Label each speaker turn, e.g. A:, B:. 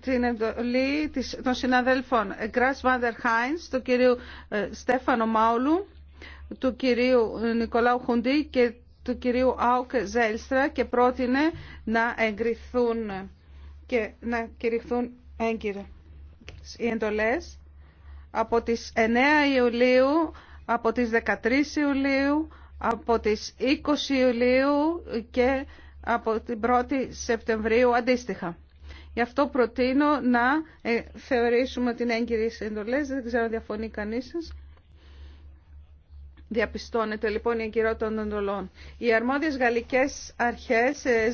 A: την εντολή των συναδέλφων Γκράς Βάντερ Χάινς, του κυρίου ε, Στέφανο Μάουλου, του κυρίου Νικολάου Χουντή και του κυρίου Άουκ Ζέλστρα και πρότεινε να εγκριθούν και να κηρυχθούν έγκυρα οι εντολές από τις 9 Ιουλίου, από τις 13 Ιουλίου, από τις 20 Ιουλίου και από την 1η Σεπτεμβρίου αντίστοιχα. Γι' αυτό προτείνω να ε, θεωρήσουμε την έγκυρη εντολές. Δεν ξέρω αν διαφωνεί κανείς σας. Διαπιστώνεται λοιπόν η εγκυρότητα των εντολών. Οι αρμόδιες γαλλικές αρχές ε,